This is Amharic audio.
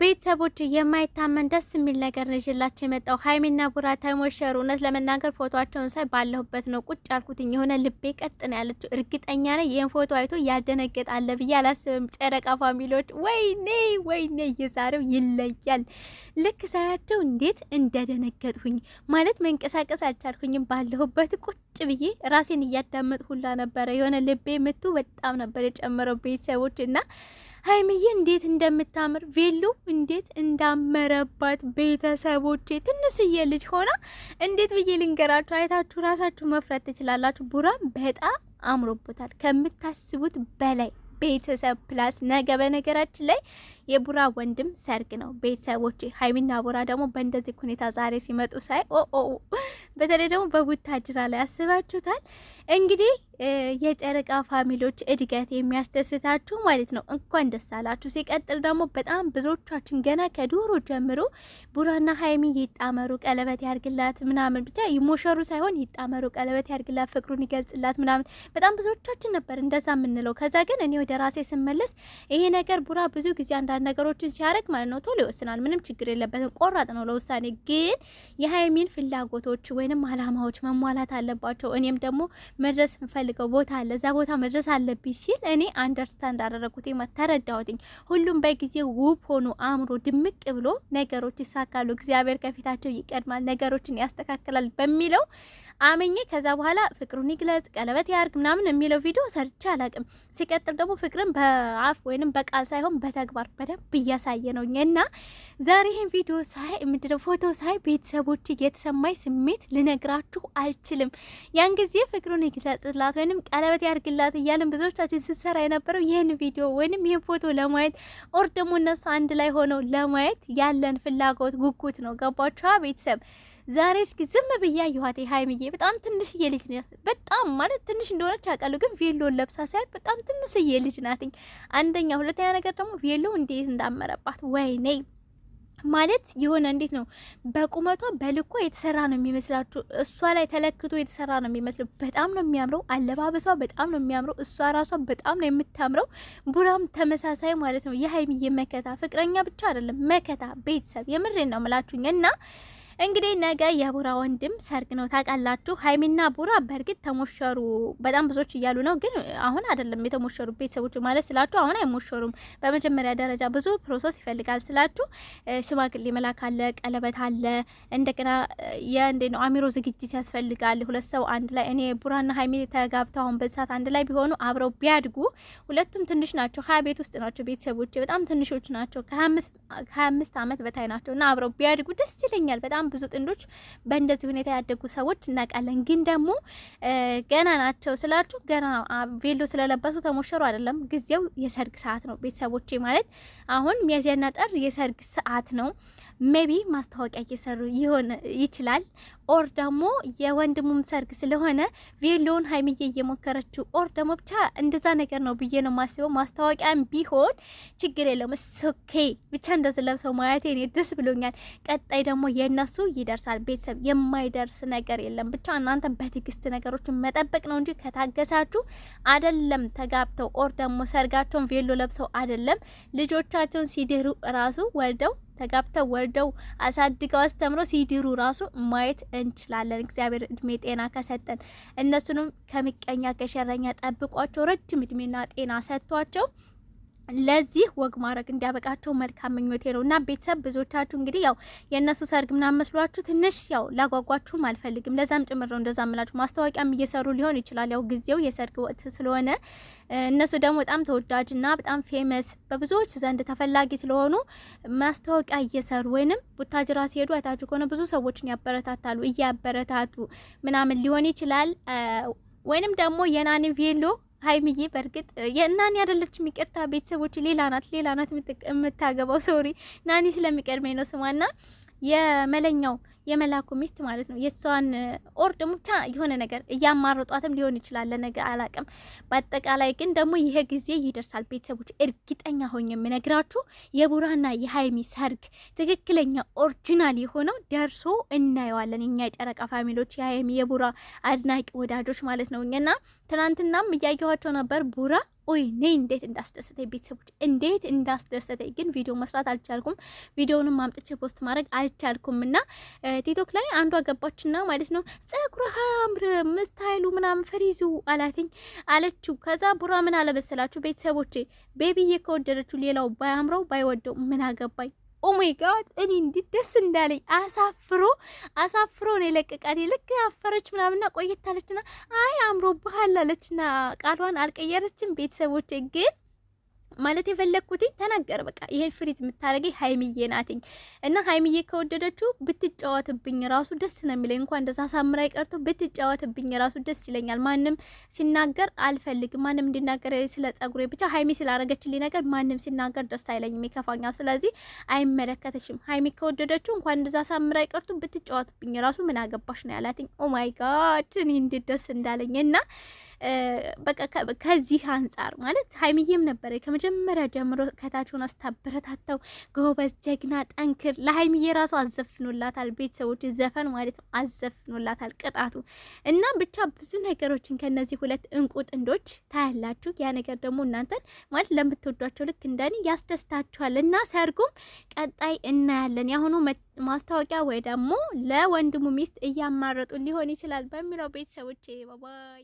ቤተሰቦች የማይታመን ደስ የሚል ነገር ነው የመጣው። ሀይሚና ቡራ ተሞሸሩ። እውነት ለመናገር ፎቶቸውን ሳይ ባለሁበት ነው ቁጭ ያልኩትኝ። የሆነ ልቤ ቀጥ ነው ያለችው። እርግጠኛ ነኝ ይህን ፎቶ አይቶ ያደነገጣለ ብዬ አላስብም። ጨረቃ ፋሚሊዎች፣ ወይኔ ወይኔ፣ የዛሬው ይለያል። ልክ ሳያቸው እንዴት እንደደነገጥሁኝ ማለት መንቀሳቀስ አልቻልኩኝም። ባለሁበት ቁጭ ብዬ ራሴን እያዳመጥ ሁላ ነበረ። የሆነ ልቤ ምቱ በጣም ነበር የጨመረው ቤተሰቦች እና ሀይምዬ እንዴት እንደምታምር ቬሎ እንዴት እንዳመረባት ቤተሰቦቼ፣ ትንሽዬ ልጅ ሆና እንዴት ብዬ ልንገራችሁ። አይታችሁ ራሳችሁ መፍረት ትችላላችሁ። ቡራን በጣም አምሮቦታል ከምታስቡት በላይ ቤተሰብ ፕላስ ነገ በነገራችን ላይ የቡራ ወንድም ሰርግ ነው። ቤተሰቦች ሀይሚና ቡራ ደግሞ በእንደዚህ ሁኔታ ዛሬ ሲመጡ ሳይ ኦ ኦ፣ በተለይ ደግሞ በቡታጅራ ላይ አስባችሁታል እንግዲህ የጨረቃ ፋሚሊዎች እድገት የሚያስደስታችሁ ማለት ነው። እንኳን ደስ አላችሁ። ሲቀጥል ደግሞ በጣም ብዙዎቻችን ገና ከዶሮ ጀምሮ ቡራና ሀይሚ ይጣመሩ፣ ቀለበት ያርግላት ምናምን ብቻ ይሞሸሩ ሳይሆን ይጣመሩ፣ ቀለበት ያርግላት፣ ፍቅሩን ይገልጽላት ምናምን በጣም ብዙዎቻችን ነበር እንደዛ የምንለው። ከዛ ግን እኔ ወደ ራሴ ስመለስ ይሄ ነገር ቡራ ብዙ ጊዜ አንዳንድ ነገሮችን ሲያደርግ ማለት ነው ቶሎ ይወስናል። ምንም ችግር የለበትም፣ ቆራጥ ነው ለውሳኔ። ግን የሀይሚን ፍላጎቶች ወይንም አላማዎች መሟላት አለባቸው። እኔም ደግሞ መድረስ እንፈልግ የምፈልገው ቦታ አለ፣ እዛ ቦታ መድረስ አለብኝ ሲል እኔ አንደርስታንድ አደረግኩት ተረዳሁትኝ። ሁሉም በጊዜ ውብ ሆኖ አእምሮ ድምቅ ብሎ ነገሮች ይሳካሉ፣ እግዚአብሔር ከፊታቸው ይቀድማል፣ ነገሮችን ያስተካክላል በሚለው አመኜ ከዛ በኋላ ፍቅሩን ይግለጽ፣ ቀለበት ያርግ ምናምን የሚለው ቪዲዮ ሰርቼ አላቅም። ሲቀጥል ደግሞ ፍቅርን በአፍ ወይንም በቃል ሳይሆን በተግባር በደንብ እያሳየ ነው እና ዛሬ ይህን ቪዲዮ ሳይ የምድለው ፎቶ ሳይ ቤተሰቦች የተሰማኝ ስሜት ልነግራችሁ አልችልም። ያን ጊዜ ፍቅሩን ይግለጽላት ወይንም ቀለበት ያርግላት እያለን ብዙዎቻችን ስሰራ የነበረው ይህን ቪዲዮ ወይንም ይህን ፎቶ ለማየት ኦር ደግሞ እነሱ አንድ ላይ ሆነው ለማየት ያለን ፍላጎት ጉጉት ነው። ገባችኋ ቤተሰብ? ዛሬ እስኪ ዝም ብዬ አየኋት። ሀይሚዬ በጣም ትንሽዬ ልጅ ናት። በጣም ማለት ትንሽ እንደሆነች አውቃለሁ፣ ግን ቬሎን ለብሳ ሳያት በጣም ትንሽዬ ልጅ ናትኝ። አንደኛ፣ ሁለተኛ ነገር ደግሞ ቬሎ እንዴት እንዳመረባት ወይኔ! ማለት የሆነ እንዴት ነው በቁመቷ በልኳ የተሰራ ነው የሚመስላችሁ። እሷ ላይ ተለክቶ የተሰራ ነው የሚመስለው። በጣም ነው የሚያምረው። አለባበሷ በጣም ነው የሚያምረው። እሷ ራሷ በጣም ነው የምታምረው። ቡራም ተመሳሳይ ማለት ነው። የሀይሚዬ መከታ ፍቅረኛ ብቻ አይደለም መከታ ቤተሰብ። የምሬን ነው ምላችሁኝ እና እንግዲህ ነገ የቡራ ወንድም ሰርግ ነው ታውቃላችሁ። ሀይሚና ቡራ በእርግጥ ተሞሸሩ በጣም ብዙዎች እያሉ ነው፣ ግን አሁን አይደለም የተሞሸሩ። ቤተሰቦች ማለት ስላችሁ አሁን አይሞሸሩም። በመጀመሪያ ደረጃ ብዙ ፕሮሰስ ይፈልጋል ስላችሁ፣ ሽማግሌ መላክ አለ፣ ቀለበት አለ፣ እንደገና የእንዴት ነው አሚሮ ዝግጅት ያስፈልጋል። ሁለት ሰው አንድ ላይ እኔ ቡራና ሀይሚ ተጋብተው አሁን በሰዓት አንድ ላይ ቢሆኑ አብረው ቢያድጉ ሁለቱም ትንሽ ናቸው፣ ሀያ ቤት ውስጥ ናቸው። ቤተሰቦች በጣም ትንሾች ናቸው፣ ከሀያ አምስት ዓመት በታይ ናቸው እና አብረው ቢያድጉ ደስ ይለኛል በጣም ብዙ ጥንዶች በእንደዚህ ሁኔታ ያደጉ ሰዎች እናውቃለን። ግን ደግሞ ገና ናቸው ስላችሁ ገና ቬሎ ስለለበሱ ተሞሸሩ አይደለም። ጊዜው የሰርግ ሰዓት ነው ቤተሰቦቼ። ማለት አሁን ሚያዝያና ጥር የሰርግ ሰዓት ነው። ሜቢ ማስታወቂያ እየሰሩ ይሆን ይችላል። ኦር ደግሞ የወንድሙም ሰርግ ስለሆነ ቬሎን ሀይሚዬ እየሞከረችው ኦር ደግሞ ብቻ እንደዛ ነገር ነው ብዬ ነው ማስበው። ማስታወቂያም ቢሆን ችግር የለውም። ኦኬ ብቻ እንደዚ ለብሰው ማየቴ እኔ ደስ ብሎኛል። ቀጣይ ደግሞ የእነሱ ይደርሳል። ቤተሰብ የማይደርስ ነገር የለም። ብቻ እናንተ በትዕግስት ነገሮችን መጠበቅ ነው እንጂ ከታገሳችሁ አደለም ተጋብተው ኦር ደግሞ ሰርጋቸውን ቬሎ ለብሰው አደለም ልጆቻቸውን ሲድሩ ራሱ ወልደው ተጋብተው ወልደው አሳድገው አስተምረው ሲድሩ ራሱ ማየት እንችላለን። እግዚአብሔር እድሜ ጤና ከሰጠን እነሱንም ከምቀኛ ከሸረኛ ጠብቋቸው ረጅም እድሜና ጤና ሰጥቷቸው ለዚህ ወግ ማድረግ እንዲያበቃቸው መልካም ምኞቴ ነው እና ቤተሰብ ብዙዎቻችሁ እንግዲህ ያው የእነሱ ሰርግ ምናምን መስሏችሁ ትንሽ ያው ላጓጓችሁም አልፈልግም። ለዛም ጭምር ነው እንደዛ ምላችሁ። ማስታወቂያም እየሰሩ ሊሆን ይችላል። ያው ጊዜው የሰርግ ወቅት ስለሆነ እነሱ ደግሞ በጣም ተወዳጅና በጣም ፌመስ በብዙዎች ዘንድ ተፈላጊ ስለሆኑ ማስታወቂያ እየሰሩ ወይንም ቡታጅራ ሲሄዱ አይታችሁ ከሆነ ብዙ ሰዎችን ያበረታታሉ። እያበረታቱ ምናምን ሊሆን ይችላል ወይንም ደግሞ የናኒ ቬሎ ሀይሚዬ በእርግጥ የናኒ አደለች የሚቀርታ ቤተሰቦች፣ ሌላ ናት፣ ሌላ ናት የምታገባው። ሶሪ ናኒ ስለሚቀድመኝ ነው ስማና የመለኛው የመላኩ ሚስት ማለት ነው የእሷን ኦር ደግሞ ብቻ የሆነ ነገር እያማረጧትም ሊሆን ይችላል፣ ለነገ አላቅም። በአጠቃላይ ግን ደግሞ ይሄ ጊዜ ይደርሳል። ቤተሰቦች እርግጠኛ ሆኜ የምነግራችሁ የቡራና የሀይሚ ሰርግ ትክክለኛ ኦሪጂናል የሆነው ደርሶ እናየዋለን። እኛ የጨረቃ ፋሚሎች የሀይሚ የቡራ አድናቂ ወዳጆች ማለት ነው እና ትናንትናም እያየኋቸው ነበር ቡራ ኦይ ኔ እንዴት እንዳስደሰተኝ ቤተሰቦች እንዴት እንዳስደሰተኝ ግን ቪዲዮ መስራት አልቻልኩም። ቪዲዮውንም አምጥቼ ፖስት ማድረግ አልቻልኩም እና ቲክቶክ ላይ አንዷ ገባችና ማለት ነው ጸጉር አያምርም ምስታይሉ ምናምን ፈሪዙ አላትኝ አለችው። ከዛ ቡራ ምን አለበሰላችሁ ቤተሰቦቼ ቤቢዬ ከወደደችው ሌላው ባያምረው ባይወደው ምን አገባኝ ኦማይ ጋድ እኔ እንዴት ደስ እንዳለኝ አሳፍሮ አሳፍሮ ነው የለቀቃት። ልክ አፈረች ምናምንና ቆየታለችና አይ አምሮ አምሮብሃል አለችና ቃሏን አልቀየረችም። ቤተሰቦች ግን ማለት የፈለግኩት ተናገር። በቃ ይሄን ፍሪዝ የምታደርገኝ ሀይሚዬ ናትኝ እና ሀይሚዬ ከወደደችው ብትጫወትብኝ ራሱ ደስ ነው የሚለኝ። እንኳ እንደዛ ሳምራ ይቀርቶ ብትጫወትብኝ ራሱ ደስ ይለኛል። ማንም ሲናገር አልፈልግም። ማንም እንዲናገር ስለ ጸጉሬ ብቻ ሀይሚ ስላረገችልኝ ነገር ማንም ሲናገር ደስ አይለኝም፣ ይከፋኛል። ስለዚህ አይመለከተችም። ሀይሚ ከወደደችው እንኳን እንደዛ ሳምራ ይቀርቶ ብትጫወትብኝ ራሱ ምን አገባሽ ነው ያላትኝ። ኦማይ ጋድ እኔ እንዴት ደስ እንዳለኝ እና በቃ ከዚህ አንጻር ማለት ሀይሚዬም ነበረ ከመጀመሪያ ጀምሮ ከታችሁን አስታበረታተው ጎበዝ፣ ጀግና፣ ጠንክር። ለሀይሚዬ ራሱ አዘፍኖላታል፣ ቤተሰቦች ዘፈን ማለት ነው አዘፍኖላታል። ቅጣቱ እና ብቻ ብዙ ነገሮችን ከነዚህ ሁለት እንቁ ጥንዶች ታያላችሁ። ያ ነገር ደግሞ እናንተን ማለት ለምትወዷቸው ልክ እንደኔ ያስደስታችኋል። እና ሰርጉም ቀጣይ እናያለን። የአሁኑ ማስታወቂያ ወይ ደግሞ ለወንድሙ ሚስት እያማረጡ ሊሆን ይችላል በሚለው ቤተሰቦች ባባይ